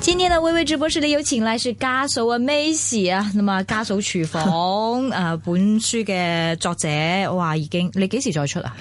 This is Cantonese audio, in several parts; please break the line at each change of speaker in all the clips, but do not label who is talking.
今天的威威直播室裏有請來是家嫂阿 Maisy 啊，那麼家嫂廚房啊 本書嘅作者，我話已經你幾時
再出啊？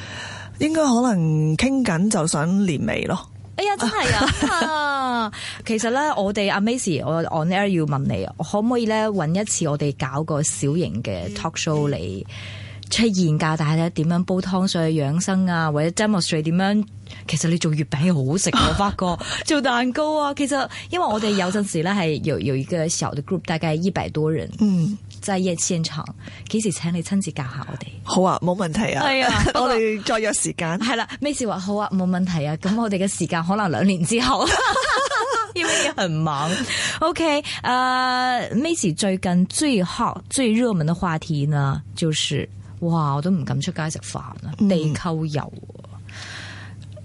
應該可能傾緊就想年尾咯。
哎呀真係啊， 其實呢，我哋阿 Maisy 我 on air 要問你，可唔可以呢？揾一次我哋搞個小型嘅 talk show 嚟？嗯 出現噶，但係睇點樣煲湯水去養生啊，或者 demonstrate 點樣？其實你做月餅又好食，我發覺 做蛋糕啊。其實因為我哋有陣時咧係有有一個小嘅 group，大概一百多人，嗯，在一現場幾時請你親自教下我哋，嗯啊？ 好啊，冇問題啊。係啊，我哋再約時間。係啦，Macy 話好啊，冇問題啊。咁我哋嘅時間可能兩年之後，要乜嘢？唔很忙猛。OK，誒、uh,，Macy 最近最 hot，最熱門嘅話題呢，就是。哇！我都唔敢出街食飯啦，地溝油。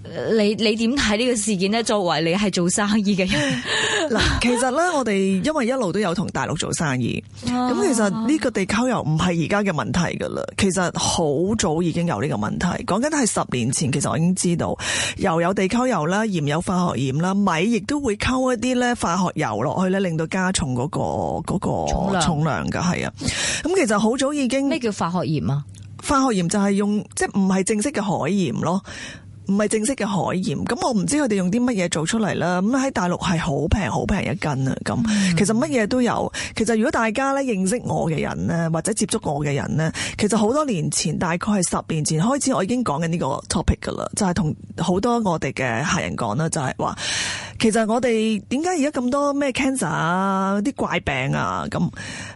嗯、你你點睇呢個事件呢？作為你係
做生意嘅人。 嗱， 其實咧，我哋因為一路都有同大陸做生意，咁、oh. 其實呢個地溝油唔係而家嘅問題噶啦，其實好早已經有呢個問題。講緊係十年前，其實我已經知道，油有地溝油啦，鹽有化學鹽啦，米亦都會溝一啲咧化學油落去咧，令到加重嗰、嗰個、嗰個、重量。重量噶係啊，咁其實好早已經。咩叫化學鹽啊？化學鹽就係用即係唔係正式嘅海鹽咯。唔係正式嘅海鹽，咁我唔知佢哋用啲乜嘢做出嚟啦。咁喺大陸係好平好平一斤啊。咁其實乜嘢都有。其實如果大家咧認識我嘅人咧，或者接觸我嘅人咧，其實好多年前，大概係十年前開始，我已經講緊呢個 topic 噶啦，就係同好多我哋嘅客人講啦，就係話。其實我哋點解而家咁多咩 cancer 啊啲怪病啊咁？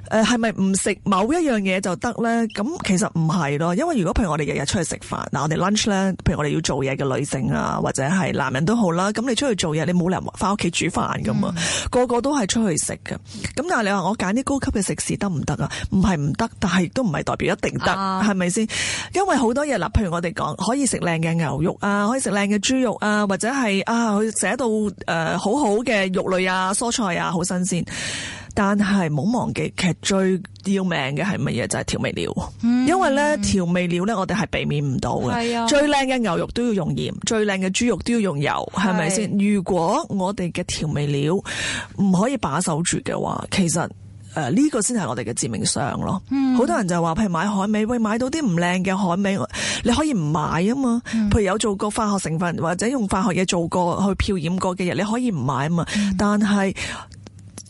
誒係咪唔食某一樣嘢就得咧？咁其實唔係咯，因為如果譬如我哋日日出去食飯，嗱我哋 lunch 咧，譬如我哋要做嘢嘅女性啊，或者係男人都好啦，咁你出去做嘢，你冇理由翻屋企煮飯噶嘛，嗯、個個都係出去食噶。咁但係你話我揀啲高級嘅食肆得唔得啊？唔係唔得，但係亦都唔係代表一定得，係咪先？因為好多嘢啦，譬如我哋講，可以食靚嘅牛肉啊，可以食靚嘅豬肉啊，或者係啊，佢寫到、呃誒，好好嘅肉類啊，蔬菜啊，好新鮮。但係唔好忘記，其實最要命嘅係乜嘢？就係、是、調味料。嗯嗯，因為咧，調味料咧，我哋係避免唔到嘅。係啊，最靚嘅牛肉都要用鹽，最靚嘅豬肉都要用油，係咪先？如果我哋嘅調味料唔可以把守住嘅話，其實。誒呢、呃這個先係我哋嘅致命傷咯，好、嗯、多人就係話，譬如買海味，喂買到啲唔靚嘅海味，你可以唔買啊嘛。嗯、譬如有做過化學成分或者用化學嘢做過去漂染過嘅嘢，你可以唔買啊嘛。嗯、但係誒、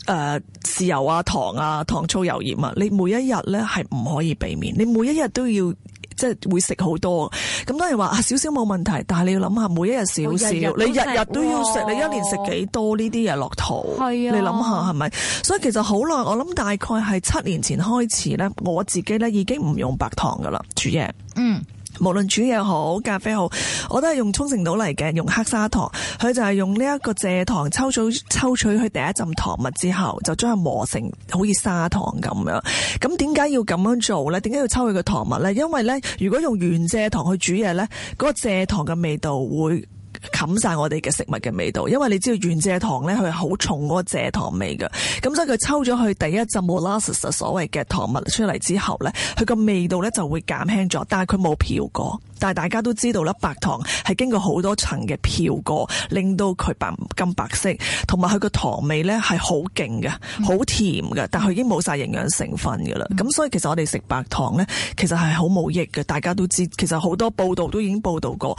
呃，豉油啊、糖啊、糖醋油鹽啊，你每一日咧係唔可以避免，你每一日都要。即係會食好多，咁當然話少少冇問題，但係你要諗下每一日少少，天天你日日都要食，啊、你一年食幾多呢啲嘢落肚？係啊、你諗下係咪？所以其實好耐，我諗大概係七年前開始咧，我自己咧已經唔用白糖噶啦，煮嘢嗯。無論煮嘢好咖啡好，我都係用沖繩島嚟嘅，用黑砂糖。佢就係用呢一個蔗糖抽取抽取佢第一浸糖蜜之後，就將佢磨成好似砂糖咁樣。咁點解要咁樣做呢？點解要抽佢個糖蜜呢？因為呢，如果用原蔗糖去煮嘢呢，嗰個蔗糖嘅味道會冚晒我哋嘅食物嘅味道，因為你知道原蔗糖咧，佢係好重嗰個蔗糖味嘅。咁所以佢抽咗佢第一浸 molasses 所謂嘅糖物出嚟之後咧，佢個味道咧就會減輕咗。但係佢冇漂過，但係大家都知道啦，白糖係經過好多層嘅漂過，令到佢白金白色，同埋佢個糖味咧係好勁嘅，好甜嘅。但係佢已經冇晒營養成分㗎啦。咁、嗯、所以其實我哋食白糖咧，其實係好冇益嘅。大家都知，其實好多報道都已經報道過，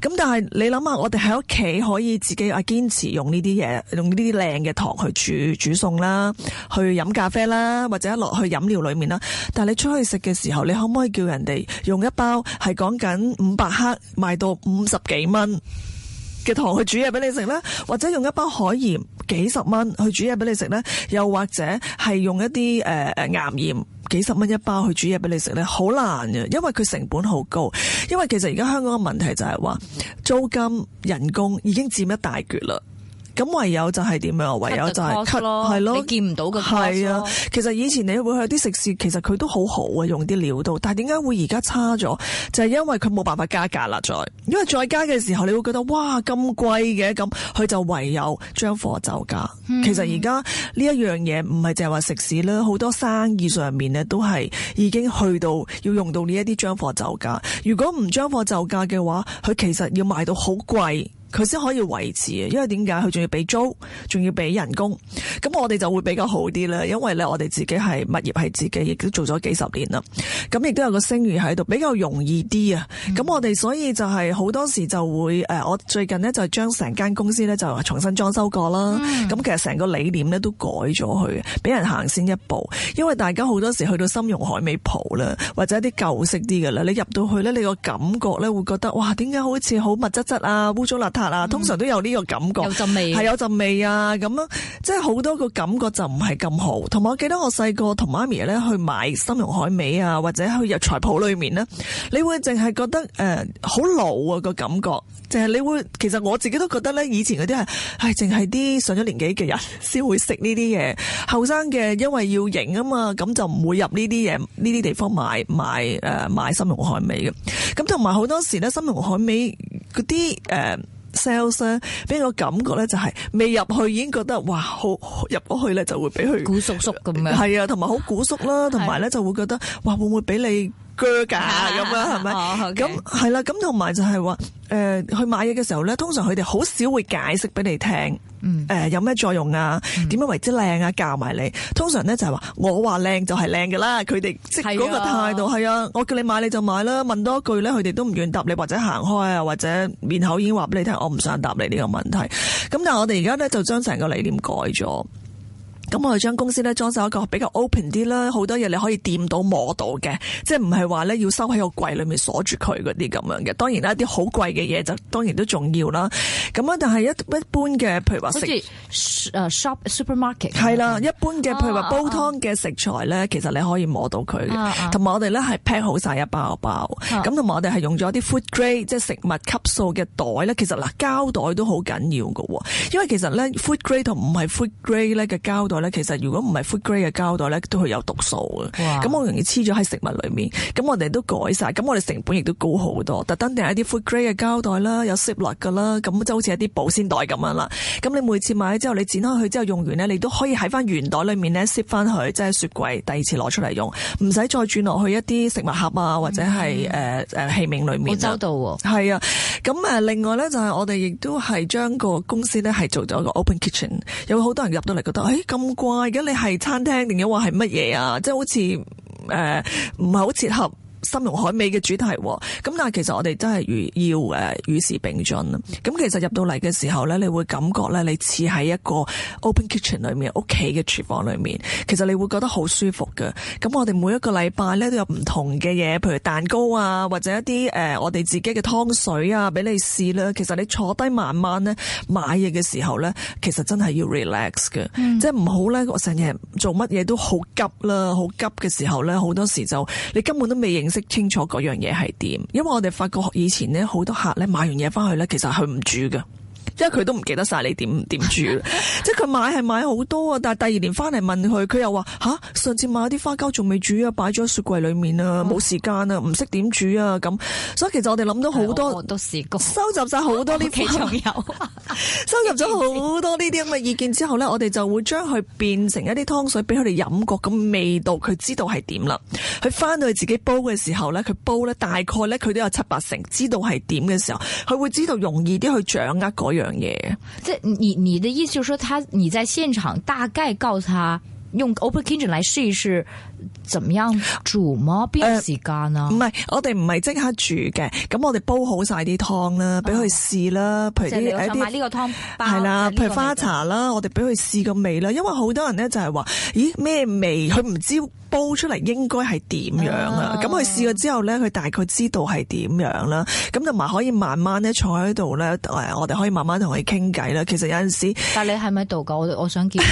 咁但係你諗下。我哋喺屋企可以自己啊，堅持用呢啲嘢，用呢啲靚嘅糖去煮煮餸啦，去飲咖啡啦，或者一落去飲料裏面啦。但係你出去食嘅時候，你可唔可以叫人哋用一包係講緊五百克，賣到五十幾蚊？嘅糖去煮嘢俾你食咧，或者用一包海鹽幾十蚊去煮嘢俾你食呢，又或者係用一啲誒誒岩鹽幾十蚊一包去煮嘢俾你食呢，好難嘅，因為佢成本好高，因為其實而家香港嘅問題就係話租金、人工已經佔一大橛啦。咁唯有就係點樣？唯有就係 cut，係咯，你見唔到個包裝。係啊，其實以前你會去啲食肆，其實佢都好好啊，用啲料到。但係點解會而家差咗？就係、是、因為佢冇辦法加價啦。再，因為再加嘅時候，你會覺得哇咁貴嘅咁，佢就唯有將貨就價。嗯、其實而家呢一樣嘢唔係淨係話食肆啦，好多生意上面咧都係已經去到要用到呢一啲將貨就價。如果唔將貨就價嘅話，佢其實要賣到好貴。佢先可以維持嘅，因為點解佢仲要俾租，仲要俾人工，咁我哋就會比較好啲咧，因為咧我哋自己係物業係自己，亦都做咗幾十年啦，咁亦都有個聲譽喺度，比較容易啲啊。咁、嗯、我哋所以就係、是、好多時就會誒、呃，我最近呢，就將成間公司咧就重新裝修過啦。咁、嗯、其實成個理念咧都改咗去，俾人行先一步，因為大家好多時去到參茸海味鋪啦，或者啲舊式啲嘅啦，你入到去咧，你個感覺咧會覺得哇，點解好似好密質質啊，污糟邋遢。嗯、通常都有呢個感覺，有陣味，係有陣味啊，咁樣，即係好多個感覺就唔係咁好。同埋我記得我細個同媽咪咧去買參茸海味啊，或者去藥材鋪裏面咧，你會淨係覺得誒好、呃、老啊個感覺，淨係你會，其實我自己都覺得咧，以前嗰啲係，係淨係啲上咗年紀嘅人先會食呢啲嘢，後生嘅因為要型啊嘛，咁就唔會入呢啲嘢，呢啲地方買買誒、呃、買參茸海味嘅。咁同埋好多時咧，參茸海味嗰啲誒。呃 Sales 俾、啊、個感覺咧就係、是、未入去已經覺得哇好入咗去咧就會俾佢古叔叔咁樣係啊，同埋好古縮啦，同埋咧就會覺得哇會唔會俾你鋸噶咁樣係咪？咁係啦，咁同埋就係話。誒、呃，去買嘢嘅時候咧，通常佢哋好少會解釋俾你聽，誒、嗯呃，有咩作用啊？點、嗯、樣為之靚啊？教埋你，通常咧就係話，我話靚就係靚㗎啦。佢哋即係嗰個態度，係啊，啊，我叫你買你就買啦。問多一句咧，佢哋都唔願意答你，或者行開啊，或者面口已經話唔俾你聽，我唔想答你呢個問題。咁但係我哋而家咧就將成個理念改咗。咁我哋將公司咧裝修一個比較 open 啲啦，好多嘢你可以掂到摸到嘅，即係唔係話咧要收喺個櫃裏面鎖住佢嗰啲咁樣嘅。當然啦，一啲好貴嘅嘢就當然都重要啦。咁啊，但係一一般嘅，譬如話食、啊、shop supermarket 係啦，啊、一般嘅譬如話煲湯嘅食材咧，啊啊、其實你可以摸到佢嘅。同埋、啊啊、我哋咧係 pack 好曬一包一包，咁同埋我哋係用咗啲 food grade 即係食物級數嘅袋咧。其實嗱膠袋都好緊要㗎喎，因為其實咧 food grade 同唔係 food grade 咧嘅膠袋。其實如果唔係 food grade 嘅膠袋咧，都會有毒素嘅。咁哇我容易黐咗喺食物裏面。咁我哋都改晒。咁我哋成本亦都高好多。特登定一啲 food grade 嘅膠袋啦，有 seal 噶啦。咁就好似一啲保鮮袋咁樣啦。咁你每次買之後，你剪開佢之後用完呢，你都可以喺翻原袋裏面呢 seal 翻佢，即係雪櫃第二次攞出嚟用，唔使再轉落去一啲食物盒啊，或者係誒誒器皿裏面。周、嗯、到喎。係啊。咁誒、啊，另外咧就係、是、我哋亦都係將個公司咧係做咗個 open kitchen，有好多人入到嚟覺得誒咁。嗯哎怪嘅，你係餐廳，定抑或係乜嘢啊？即係好似誒唔係好切合。深融海味嘅主題，咁但係其實我哋真係要誒與時並進。咁其實入到嚟嘅時候咧，你會感覺咧，你似喺一個 open kitchen 裏面，屋企嘅廚房裏面，其實你會覺得好舒服嘅。咁我哋每一個禮拜咧都有唔同嘅嘢，譬如蛋糕啊，或者一啲誒、呃、我哋自己嘅湯水啊，俾你試啦。其實你坐低慢慢咧買嘢嘅時候咧，其實真係要 relax 嘅，嗯、即係唔好咧我成日做乜嘢都好急啦，好急嘅時候咧，好多時就你根本都未認識。識清楚嗰樣嘢係點，因為我哋發覺以前呢，好多客呢買完嘢翻去呢，其實佢唔煮㗎。即係佢都唔記得晒你點點煮，即係佢買係買好多啊，但係第二年翻嚟問佢，佢又話，吓上次買啲花膠仲未煮啊，擺咗喺雪櫃裏面啊，冇時間啊，唔識點煮啊咁，所以其實我哋諗到好多，我我都試過收集晒好多呢啲， 還 收集咗好多呢啲咁嘅意見之後呢， 我哋就會將佢變成一啲湯水俾佢哋飲過，咁 味道佢知道係點啦，佢翻到去自己煲嘅時候呢，佢煲呢大概呢，佢都有七八成知道係點嘅時候，佢會知道容易啲去掌握，那個呢樣嘢，
即你你的意思，就是說他你在現場大概告訴他。用 Open Kitchen 嚟試一試，
怎麼樣煮嗎？邊時間啊？唔係，我哋唔係即刻煮嘅，咁我哋煲好晒啲湯啦，俾佢試啦。譬如啲，同埋呢個湯，係啦，譬如花茶啦，啊、我哋俾佢試個味啦。因為好多人咧就係、是、話，咦咩味？佢唔知煲出嚟應該係點樣啊？咁佢試咗之後咧，佢大概知道係點樣啦。咁同埋可以慢慢咧坐喺度咧，我哋可以慢慢同佢傾偈啦。其實有陣時，但你係咪度噶？我我想見你。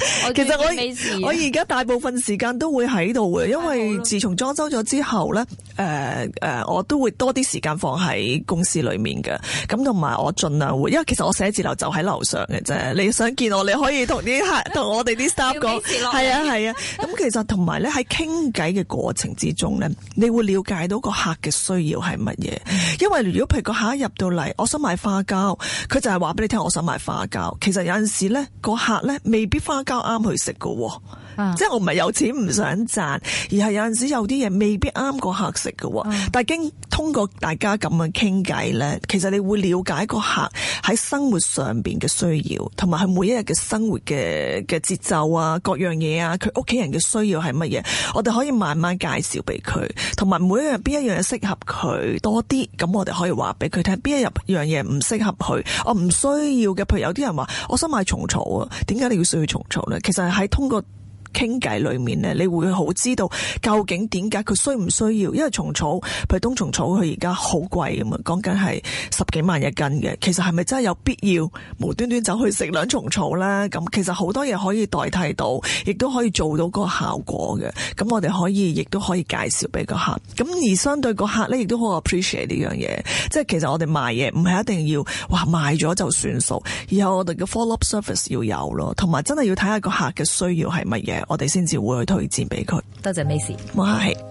其實我我而家大部分時間都會喺度嘅，因為自從裝修咗之後咧，誒、呃、誒、呃，我都會多啲時間放喺公司裏面嘅。咁同埋我盡量會，因為其實我寫字樓就喺樓上嘅啫。你想見我，你可以同啲客、同 我哋啲 staff 講，係啊係啊。咁、啊、 其實同埋咧喺傾偈嘅過程之中咧，你會了解到個客嘅需要係乜嘢。因為如果譬如個客入到嚟，我想買花膠，佢就係話俾你聽我想買花膠。其實有陣時咧，個客咧未必花。啱啱去食嘅喎。即係我唔係有錢唔想賺，而係有陣時有啲嘢未必啱個客食嘅。嗯、但係經通過大家咁樣傾偈咧，其實你會了解個客喺生活上邊嘅需要，同埋佢每一日嘅生活嘅嘅節奏啊，各樣嘢啊，佢屋企人嘅需要係乜嘢，我哋可以慢慢介紹俾佢。同埋每一樣邊一樣嘢適合佢多啲，咁我哋可以話俾佢聽邊一樣嘢唔適合佢，我、哦、唔需要嘅。譬如有啲人話我想買蟲草啊，點解你要需要蟲草咧？其實係喺通過。傾偈裏面咧，你會好知道究竟點解佢需唔需要，因為蟲草，譬如冬蟲草，佢而家好貴㗎嘛，講緊係十幾萬一斤嘅。其實係咪真係有必要無端端走去食兩蟲草呢？咁其實好多嘢可以代替到，亦都可以做到個效果嘅。咁我哋可以，亦都可以介紹俾個客。咁而相對個客咧，亦都好 appreciate 呢樣嘢。即係其實我哋賣嘢唔係一定要哇賣咗就算數，而係我哋嘅 follow-up service 要有咯。同埋真係要睇下個客嘅需要係乜嘢。我哋先至會去推薦俾佢。
多謝，謝 Miss，冇
客氣。